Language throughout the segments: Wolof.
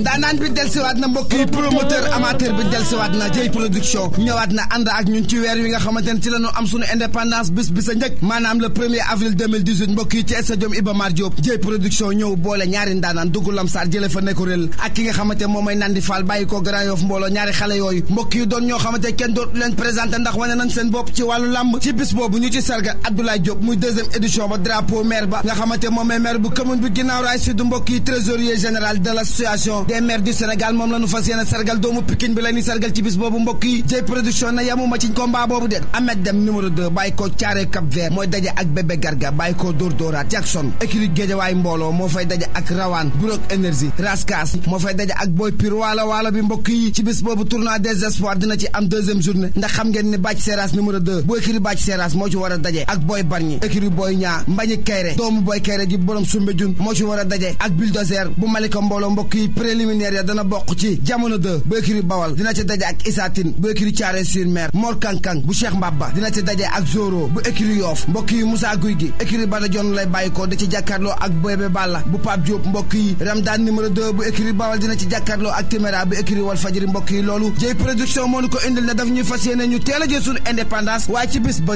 ndaanaan bi delsiwaat na mbokk yi promoteur amateur bi delsiwaat na jëy production ñëwaat na ànd ak ñun ci weer wi nga xamante ne ci la ñu am suñu indépendance bis bi sa njëkk maanaam le premier avril 2018 mbokk yi ci stadium Mar Diop jëy production ñëw boole ñaari ndaanaan dugg lamsaar jële fa nekk réel ak ki nga xamante moom mooy Nandi Fall bàyyi ko Grand Yoff mbooloo ñaari xale yooyu mbokk yi doon ñoo xamante kenn dootu leen présenté ndax wane nañ seen bopp ci wàllu làmb ci bis boobu ba drapeau maire ba nga xamante moom mooy maire bu commune bu des maires du Sénégal moom la ñu fas yéene sargal doomu Pikine bi la ñuy sargal ci bis boobu mbokk yi jëy production na yamuma ci combat boobu de Ahmed Dem numéro 2 bàyyi ko caare Cap Vert mooy daje ak bébé Garga bàyyi ko dóor dóoraat Jackson écurie Géejawaay mbooloo moo fay daje ak Rawane Burok énergie Raskas moo fay daje ak Boy Pire waalo waalo bi mbokk yi ci bis boobu tournoi des dina ci am deuxième journée ndax xam ngeen ni Bathie Seras numéro 2 bu écurie Bathie Seras moo ci war a daje ak Boy Bargny écurie Boy Niang Mbañi Kayre doomu Boy Kayre préliminaire ya dana bokk ci jamono de bu écurie Bawal dina ci daje ak Isatine bu écurie Thiaroye-sur-Mer Mor Kankang bu Cheikh Mbaba dina ci daje ak Zoro bu écurie Yoff mbokk yi Guy gi écurie Bada Dione lay bàyyi di ci jàkkaarloo ak Bébé Balla bu Pape Diop mbokk yi Ramdan numéro 2 bu écurie Bawal dina ci jàkkaarloo ak Téméra bu écurie Walfadjri mbokk yi loolu jëy production moo ñu ko indil ne daf ñuy fas ñu teel a jël waaye ci bis ba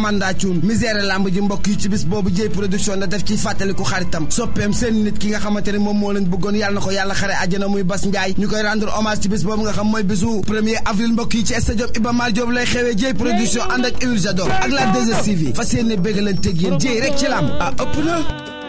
commanda cuun misère lamb ji mbokk ci bis boobu jéy production da def ciy fàttaliku xaritam soppeem seen nit ki nga xamante ni moom moo leen bëggoon xare àjjana muy Bas Njaay ñu koy rendre hommage ci bis boobu nga xam mooy bisu premier avril mbokk ci stadium Iba Mar Diop lay xewee jéy production ànd ak Iwil Jador ak la 2STV fas yéene béggalanteeg yéen jéy rek ci lamb ah ëpp na